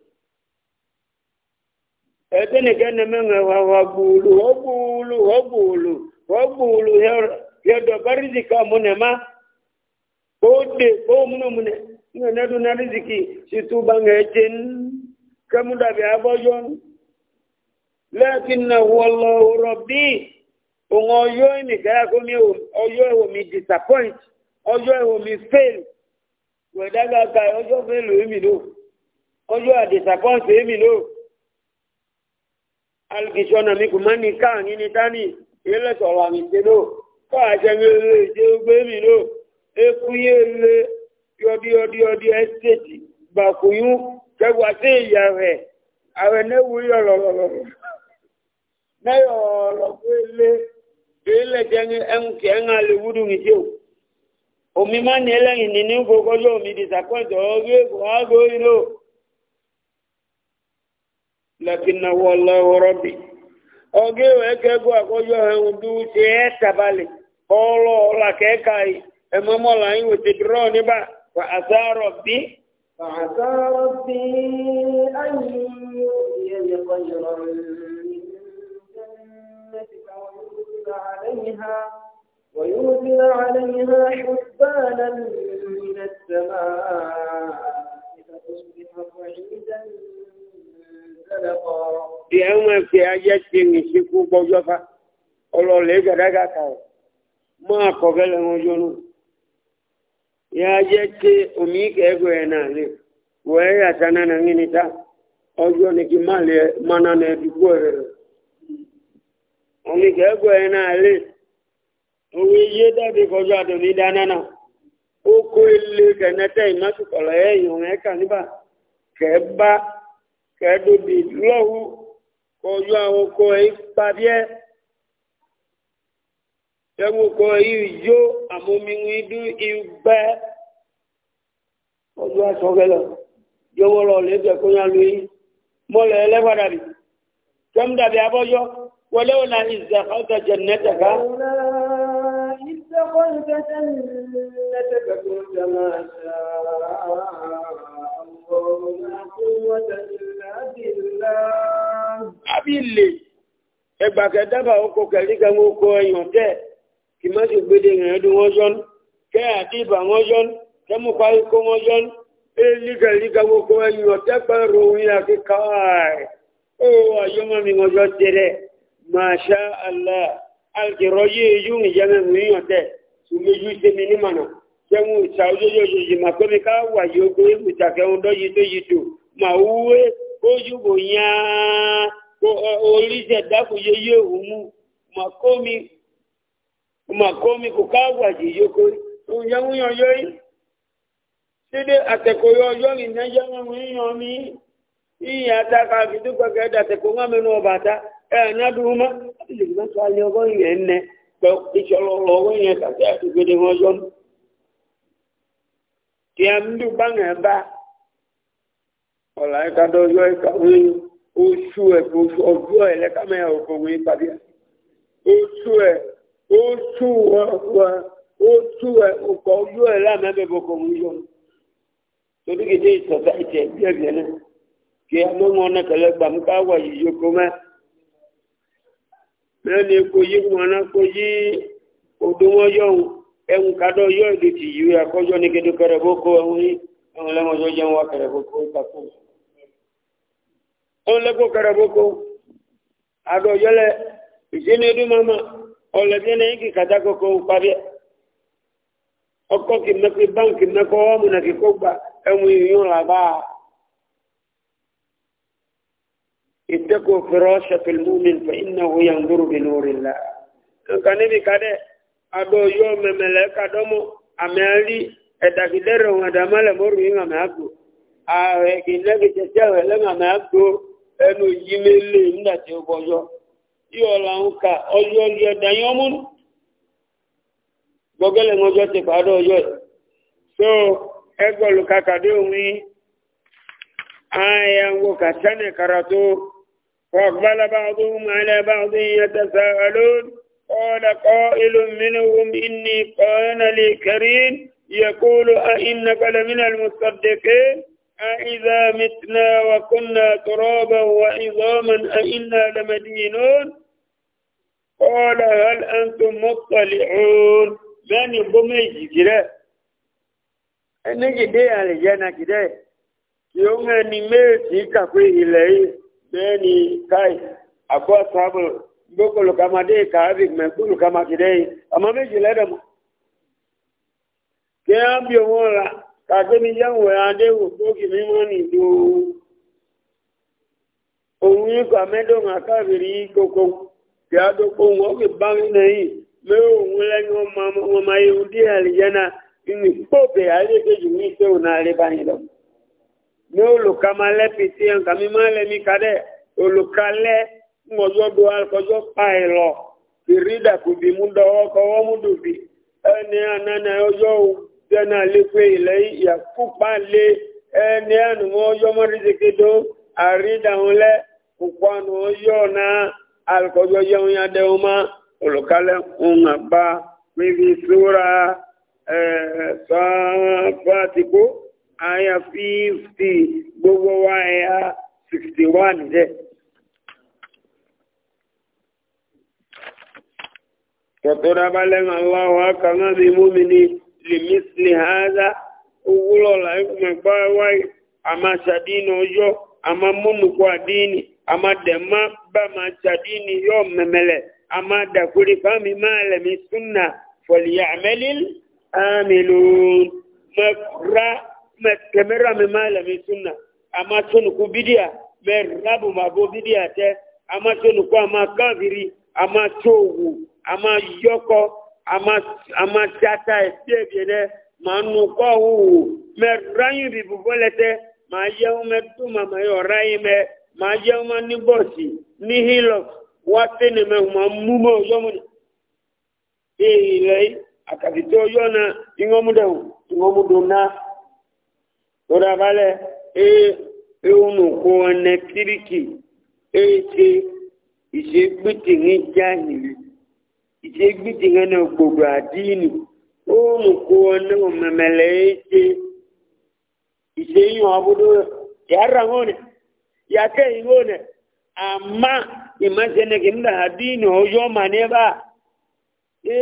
ekeneke neme nge wagbulu wagbulu wagbulu wagbulu yadoba riziki amunema ode komunomune ngeneduna riziki situba ngecen kemudabi abojon lakina wallahu rabbi òun ọyọ́ ọyọ kó mi ọyọ́ ọyọ mi disappoint ọjọ́ ìwò mi fail wẹ̀dágàgà ọjọ́ fail n'o ọyọ emi n'o. alùpùpù ọ̀nà mi kò má ní káàní ní tání ilé sọ̀rọ̀ àmì ṣe lò kọ́ àjẹmẹ́lẹ́ ìṣe gbé mi lò eku yé lé yọdíyọdíyọdí ẹ́stéètì gbàkúyú kẹwàá sí ìyá rẹ̀ ààrẹ nẹ́wùrí ọ̀lọ̀lọ̀lọ̀ náyọ̀ ọ̀lọ̀kú ilé ilẹ̀ jẹ́ ẹnkì ẹ̀ńà lè wúdù mi tí ó omi má ní ẹlẹ́yìn ní ní gbogbo ọjọ́ mi disappoint ọ̀rọ̀ lakini wallahu rabbi oge wee ka ego akọjọ ha ụdị uche etabali ọlụ ọla ka ịka yi ememola anyị weta drọ فعسى ربي أن يؤتيني خيرا ويرسل عليها حسبانا di wọn fi ayé ti ya ìsìnkú gbọ́jọ́ fa ọlọ́ọ̀lẹ́ gàdágà kà ọ́ máa ya wọn ya ya ni kí má omi kẹ́gọ́ ẹ̀ náà lè òwe iye dáàbì kọjọ́ àdùnní dáná náà ya kó ilé kẹ̀nẹ́tẹ̀ ìmásùkọ̀lọ́ kẹ́ẹ́dó bì lọ́wọ́ kọjú àwọn ọkọ̀ yìí pàdé ẹ̀ tẹ́wọ́ kọ́ yìí yó dún ìgbẹ́ ọjọ́ àtọ́gẹ́lẹ̀ yọwọ́ lọ lẹ́gbẹ̀ẹ́ kó lóyún mọ́lẹ̀ bì dàbí wọlé àbí lè ẹgbàkẹ́ dábàá oko kẹ̀líkà ń kó ẹyàn tẹ́ kì má sì gbéde ìrìn ẹdún wọn sọ́nù kẹ́ àdìbà wọn sọ́nù kẹ́mú parí kó wọn sọ́nù èyí kẹ̀líkà ń kó ẹyàn tẹ́ pẹ̀lú òun yà kí káwáì ó àyọ́mọ́ mi wọn sọ tẹ́lẹ̀ màṣá àlá alìkẹ̀rọ yìí yóò ń yẹ mẹ́rin yíyàn tẹ́ sùmẹ́jú sẹ́mi ní mànà kójú bụ yán oríṣẹ́ dákòye yé òun mú ma kò káwà jì yókó òun yẹn ń yan yóyí sídé àtẹ̀kọ̀yọ ọjọ́ ìyẹn yẹn ń yan mí ìyẹn àtàkà àfidúgbẹ̀kẹ́ dàtẹ̀kọ̀ ńlá mẹ́nu ọba ta ẹ̀ a ọ̀la ẹ̀ka dọ́jọ́ ẹ̀ka wíyí oṣù ẹ̀ ọjọ́ ẹ̀ lẹ́ka mẹ́rin òkò wíyí pàdé oṣù ẹ̀ oṣù ẹ̀ oṣù ẹ̀ ọkọ̀ ọjọ́ ẹ̀ lámẹ́bẹ̀ bọ̀kọ̀ wíyí yọ torí kejì ìsọ̀tà ìtẹ̀ bí ẹ̀bí ẹ̀ náà kí a mọ́ wọn náà kẹlẹ́ gbàmú ká wà yìí yókò mẹ́ mẹ́ni kò yí wọn náà kò yí odò wọn yọ ẹ̀hún kadọ́ yọ èdè tì yìí akọ́jọ́ ní gẹ́gẹ́ kẹrẹ̀ bó kó ẹ̀hún yìí ẹ̀hún lẹ́wọ̀n yọ jẹun wa kẹrẹ̀ bó kó ìtàkùn ọlẹ́kọ̀ọ́ kẹrẹ̀bọ́kọ́ àdọ̀yọ́lẹ̀ ìṣẹ́nẹ́dúnmọ́mọ́ ọlẹ́bíẹ́nẹ́ kì kàtàkọ́kọ́ pàdé ọkọ̀ kì mẹ́kì báńkì mẹ́kọ́ ọmọnà kì kó gba ẹmu ìyún làbá ìtẹ́kọ̀ fẹ́rọ́ ṣẹpẹ̀lúmin fẹ́ iná òyà ń dúró bínú rí la nǹkan níbi kadẹ́ àdọ̀yọ́ mẹ́mẹ́lẹ́ kadọ́mọ́ àmẹ́rí ẹ̀dàkìdẹ́rẹ̀ òun àdàmọ́lẹ̀ mọ́rùn-ún àmẹ́ àgbò ààrẹ kì ẹnu yìí lélẹ̀ nígbà tí ó bọ́jọ́ yóò la ń ka ọjọ́ ọjọ́ ẹ̀dàyìn ọmú nù gbọ́gẹ́lẹ̀ ti pàdé ọjọ́ yìí so ẹgbọ́lù kàkàdé omi àyàwó kàtẹ́nì kàràtó fọ́gbálàbà ọdún mọ́lẹ́bà ọdún yẹtẹsẹ̀ ọlọ́run ọ̀dàkọ́ ìlú mìíràn ìní kọ́ọ̀nà lè kẹrin yẹ kúrò àìnàkọ́lẹ̀ mìíràn mùsọ̀dẹ̀kẹ́ أإذا متنا وكنا ترابا وعظاما أإنا لمدينون قال هل أنتم مطلعون من بميجي كده ẹnìjì dé àlìjẹ́nà kìdẹ́ tí ó ń ẹni méjì kàfé ilẹ̀ yìí bẹ́ẹ̀ ni káì àkọ́ sábà gbogbo olùkàmádé kàábì mẹ́kú olùkàmá kìdẹ́ yìí ọmọ méjì lẹ́dọ̀mọ́ kí á bí wọn la kàgbéníyàwó adéwò gbógi mímọ́ nìdó òun ikọ̀ amẹ́dọ̀nà káàkiri kòkó kí a tó kó wọn kì bá ń lẹ́yìn mẹ́ òun lẹ́yìn wọn máa yóò dé àlìyẹ́nà ìní pòpè àlékejì ní iṣẹ́ òun àrẹ bá yìí lọ ní olùkamalẹ́ pèsè ẹ̀ǹkà mímọ́ lẹ́mí kadẹ́ olùkalẹ́ mọ̀jọ́ do alkọjọ́ pa ẹ̀ lọ ìrídàkùbì mú dọwọ́ kọwọ́ mú dùbì ẹni ànánà ọjọ́ dẹ́nà lépe ilẹ̀ ìyàkúpa lé ẹni ẹnu mọ́ yọmọ rízeke tó àrídàwọn lẹ òpónù yọ náà alùpọ̀jọ yẹun ya dẹ́wọ́n má olùkálẹ̀ ń bá pèsè sóra sọ́fàtìkó àyà fífì gbogbo wa ẹ̀yà sixty one jẹ́. Tọ̀tọ̀rọ̀ abalẹ̀ ń àwọn akàmọ́ bíi múmi ni lèmísìlè hàádá owó lọ́la ẹgbẹ̀mọ̀ gbá wáyé àmà ṣàdínà ọjọ́ àmà múnukọ àdínì àmà dẹ̀má bá ma ṣàdínì yọ mẹ̀mẹ̀lẹ̀ àmà dàkúrí fámi máa lẹ̀mí súnà fọ̀lìyà àmẹ́lìl àmìlò mẹ́ra mẹ́kẹ̀mẹ́ra mi máa lẹ̀mí súnà àmà sónùkú bídíà mẹ́rábù màbó bídíà tẹ́ àmà sónùkú àmà káàkiri àmà tóòwò àmà yọkọ̀ọ́ Ama amatiata efiebie ɖe ma nu kɔ wuwu mɛ ranyi bibubo le te ma yewo mɛ duma ma ya yɔ ranyi mɛ ma yewo ma ni bɔsi ni hilɔ wa tene mɛ ma mu mɛ o yɔmu ni eyi lɛ yi akafi tɛ iŋɔmu dɛ o iŋɔmu do na o da ba ee ewu e nu ko ɛnɛ kiriki eye tse ìṣègbè tèmi já ìṣègbìtì yẹn náà gbogbo àdínì oòrùn kó ọ̀nà òmẹ̀mẹ̀lẹ̀ ṣe ìṣèyàn abúdó yàrá wọn nẹ yàtẹ̀ yìí wọn nẹ àmà ìmọ̀sẹ̀nẹ̀kì nígbà àdínì ọjọ́ mà ní bá ẹ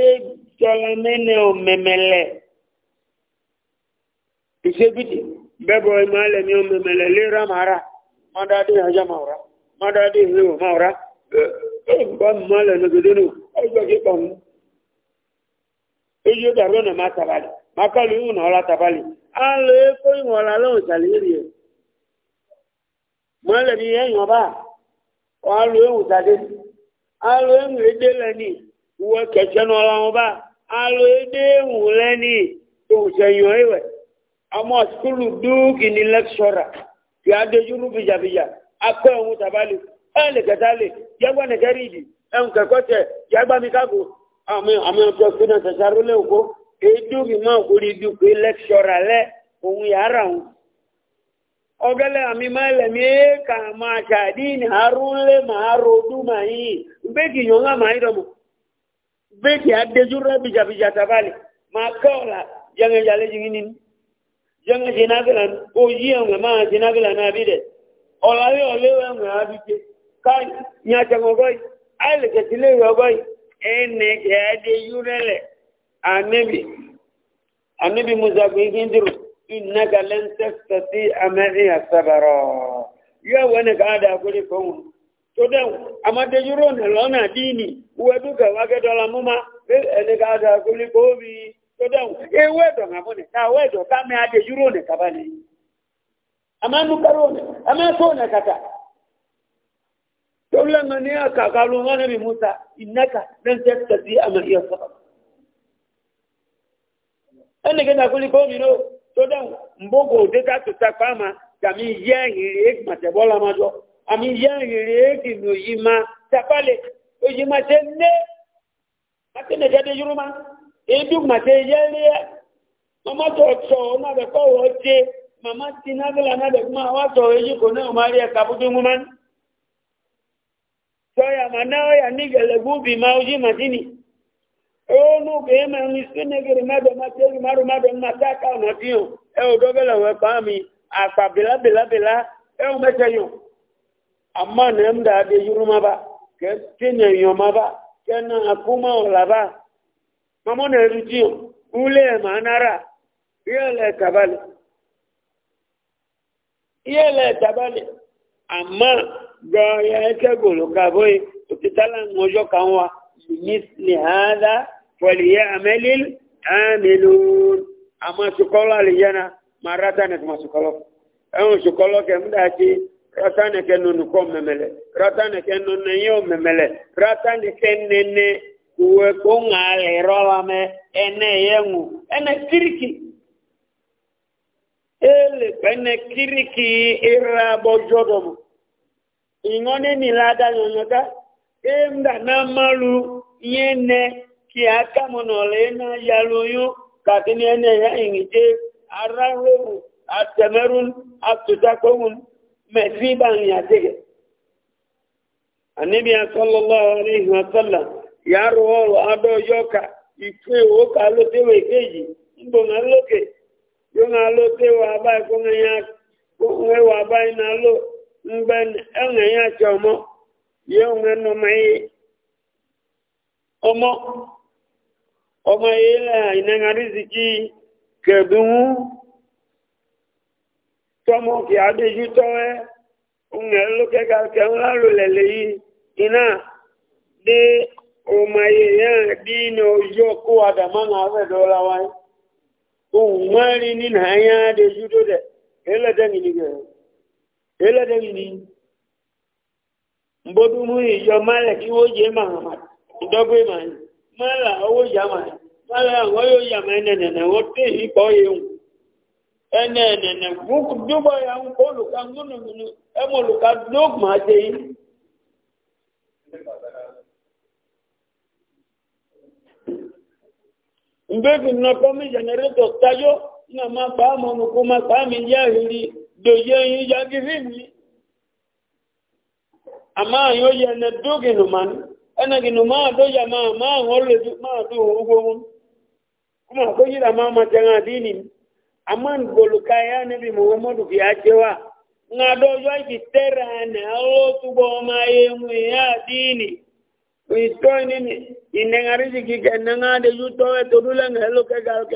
jọlá mẹ́nẹ̀ òmẹ̀mẹ̀lẹ̀ ìṣègbìtì bẹ́bọ̀ ìmọ̀lẹ̀ mi òmẹ̀mẹ̀lẹ̀ lé rámàrà mọ́dádé ajá màwúrà mọ́dádé ìlú màwúrà ẹ ẹ bá mọ́lẹ̀ nígbà ẹgbẹ̀gbẹ̀ tọ̀hún èyí ó dàrú ọ̀nà máa tàbálì máa kọ́ lóyún ọ̀nà ọ̀la tàbálì á lọ kó ìwọ̀n ọ̀la lọ́wọ́ ìsàlẹ̀ èrè ẹ̀ mọ́lẹ̀ ní ẹ̀yìn ọba ọ̀ á lọ ẹ̀wù tàdé á lọ ẹ̀wù édé lẹ́ni wọ kẹ̀kẹ́ náà ọ̀la wọn A á lọ édé ẹ̀wù lẹ́ni òṣèyàn ẹ̀wẹ̀ àmọ́ sukulu dúkì ní lẹ́kṣọ́rà kí adéjú rú fìjàfìjà akọ́ ẹ̀wù tàbálì ẹ̀ lẹ̀kẹ̀tà lè jẹ́gbọ́n nìkẹ́rì ìdì ẹ̀hùn kẹ̀kọ́ tẹ̀ jágbá mi káàbò àmì àmì ọjọ́ pínà tẹ̀sàrú lẹ́wọ̀kó èédú mi máa orí dùkú lẹ́kṣọ́ra lẹ́ òun yàrá òun ọgẹ́lẹ́ àmì máa lẹ̀mí éèkà máa ṣàdí ní arúnlé máa rodú máa yìí bẹ́ẹ̀kì yóò hàn máa ìdọ̀mọ̀ bẹ́ẹ̀kì adéjú rẹ̀ bìjàbìjà tàbálẹ̀ máa kọ́ọ̀lá jẹ́ngẹ̀jàlẹ́ jìgì nínú jẹ́ngẹ̀jì nágìlá oyí ẹ̀wọ̀n máa ṣe nágìlá náà bí dẹ̀ ọ̀làwé ọ̀lẹ́wẹ̀ ẹ̀wọ̀n á bí ṣe káà ní àtẹ̀wọ̀n bọ́yìí alìkẹtìlẹ̀ ìwọ̀gbọ́ ẹni kẹ́ẹ̀dẹ̀ yúrẹ́lẹ̀ ànẹ́bì ànẹ́bì musafi gíndìrù ìnàgà lẹ́ńtẹ́sẹ̀ sí amẹ́rin àsàbàrọ̀ yóò wọ́n ní káàdà kúrì fún wọn tó dẹ̀wọ̀n amadejúrò ní lọ́nà díìnì wẹ́dúkà wákẹ́dọ́là múma ẹni káàdà kúrì kóbi tó dẹ̀wọ̀n ewé ẹ̀dọ̀ ngàbọ̀nì káwé ẹ̀dọ̀ kámi adejúrò ní kábàlì amánukárò ní amẹ́kọ̀ọ́ ní problem ne ya kakalo wani mai musa innaka dan sai ka ji a mai iya saba ɗan da gina kuli ko mino to dan mbogo de ka to takpa ma kami yẹ ìrè é ma tẹ bọ́lá ma jọ àmì yẹ ìrè é kì ní òyì ma tapalẹ̀ òyì ma tẹ né àti nìjẹ́ de yorùbá ebi ma tẹ yẹ rí mama tọ tọ ọ̀nà bẹ kọ́ wọ́ọ́ tẹ mama ti nábìlà náà bẹ kọ́ ma wá tọ èyí kò soya manao ya nigele gubi mauji matini onu kema nisine gere mado mateli maro mado mataka onatio e odogela we pami akpa bila bila bila e umeteyo amma ne mda de yuruma ba ke tinye yoma ba kena akuma olaba mamo ne rutio ule manara yele kabale yele kabale amma gaya yake golo kaboi ukitala ngojo kanwa misli hadha falyamalil amilun ama sukola lijana marata ne kuma sukolo en sukolo ke mdati rata ne ke nunu ko memele rata ne ke nunu yo memele rata ne ke nene uwe ko ngale rola me ene yengu ene kiriki ele pene kiriki ira bojodomo ìngọ́nẹ́ nílá adájọ́ ọ̀nàká éńdà náà mọ́rú yé nẹ kí a kámọ̀nà lè náà ya lóyún kàkí ní ẹni ẹ̀yà ìrìnjẹ́ aráhùn àtẹ̀mẹ́rún àníbi ọ̀rẹ́ ọ̀rọ̀ ka ìfú èwo ká ló tẹ́wọ̀ èkejì ńgbọ̀n lókè yóò ń lọ tẹ́wọ̀ abáyé kó ń abáyé lókè. mgbe enwe ya achọ ọmọ ya onwe nọmaghị ọmọ ọmọ ilẹ̀ ìnagharìsìkì kẹ̀dùnwú tọmọ kì adéjú tọ́wẹ́ ohun ẹlòkẹ́kà kẹwàá lòlẹ̀ lèyí iná ọmọ ya dị ní ọkụ ọkọ̀ àdàmọ́nà afẹ́dọ́lá elédèmí ni mbodumu ìjọ mọ́lẹ̀ kí wọ́n jẹ́ ma ìdọ́gbé màá mọ́là owó yà màá mọ́là ya ma ya màá ẹnẹ̀nẹ̀ wọ́n tẹ̀ yí kọ́ yẹun ẹnẹ̀nẹ̀ gbogbo dúbọ̀ yà ń kó ya múnùmúnú ya olùkà dógmà dé mi doye yin yagiri ni ama yo ye ne dogi no man ana gi no ma do ya ma ma ngole du ma du ugo mun kuma ko yi da ma ma tanga dini aman goluka ya ne bi muhammadu bi ajewa nga do yo ki tera ne o tu bo ma ye mu ya dini wi to ni ni ine ngari ji ki ga na nga de yu to e to du la ngelo ke ga ke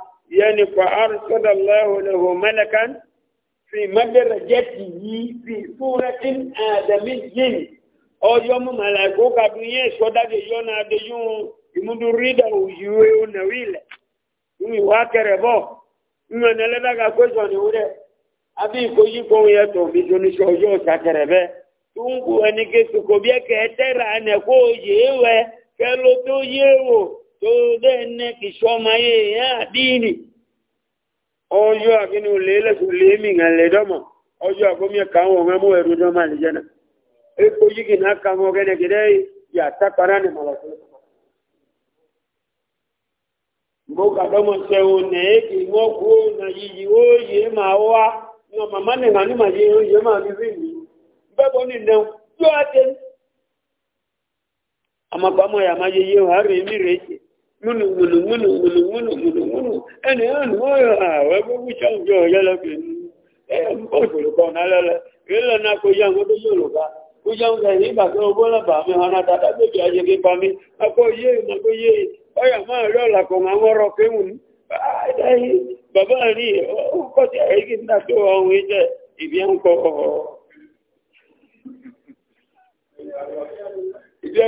يعني فأرسل الله له ملكا في مدرجته في صورة آدمي أو يوم ملكو كدنيا سودا ديونا ديون imundu rida ujiwe unawile imi wakere bo imi neleda ka kwezo ni ure abi koji ko yeto bijoni shojo sakerebe tungu enike sukobieke etera ne ko yewe kelo to yewo dóde ne kisoma ye ya dini ojo akini ulele sulimi ngale domo ojo akomia kawo ngamu eru doma lijana eko yiki na kamo gene gidei ya takarane malakulu mboka domo sewu ne eki ngoku na yiji oye mawa no mama ne ngani maji oye ma bizini bebo ni ndo yo aten ama bamo ya maji yo hare mi reche múnú múnú múnú múnú múnú múnú múnú ẹni ẹni wọ́n yọ ààrẹ gbogbo ṣọ́njọ́ yẹlẹ́gbẹ̀ẹ́ ní ẹ̀yìn bọ́ọ̀ṣòro kan nálẹ́lẹ́ náà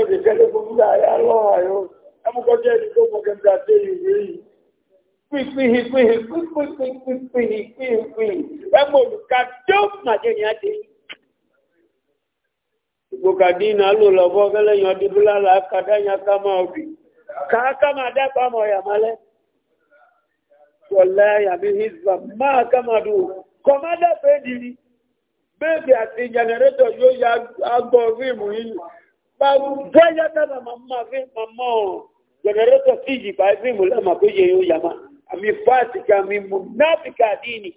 kó tó ẹmúkọjá ẹni tó mọ kẹta dé ìwé yìí pínpínhì pínhì pínpínhì pínpínhì pínpínhì ẹmọ olùka tó màjẹyìn àti. ìgbòkàdí iná ló lọ́bọ kẹlẹ́yìn ọdún búláàlà kàdáyà ká máa bì ká máa dápá mọ̀ yàmálẹ́. Wọ̀lẹ́ àyàmí Hizba máa ká máa dùn kọ̀mádà pé dìrí bẹ́ẹ̀bì àti jẹnẹrétọ̀ yóò ya agbọ̀ fíìmù yìí bá gbọ́yá tẹ́lẹ̀ màmá fíìmù mọ́ ọ̀rùn. generator siji ba hivi mulama kuje yo jamaa amifasika mimunafika dini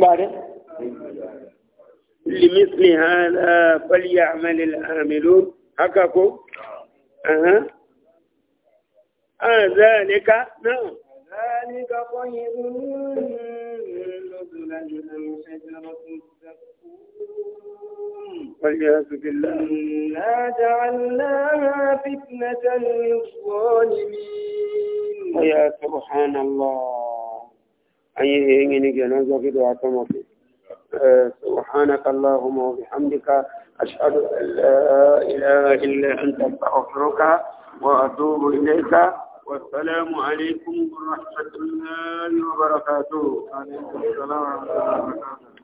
بعد لمثل هذا فليعمل العاملون هكاكو أه. أذلك آه، نعم ذلك خير نزلا أم شجرة الزقوم إنا جعلناها فتنة للظالمين ويا آه، سبحان الله أي إني جنازة في دعاء آه، سبحانك اللهم وبحمدك أشهد أن لا إله إلا أنت أستغفرك وأتوب إليك والسلام عليكم ورحمة الله وبركاته. عليكم السلام ورحمة الله وبركاته.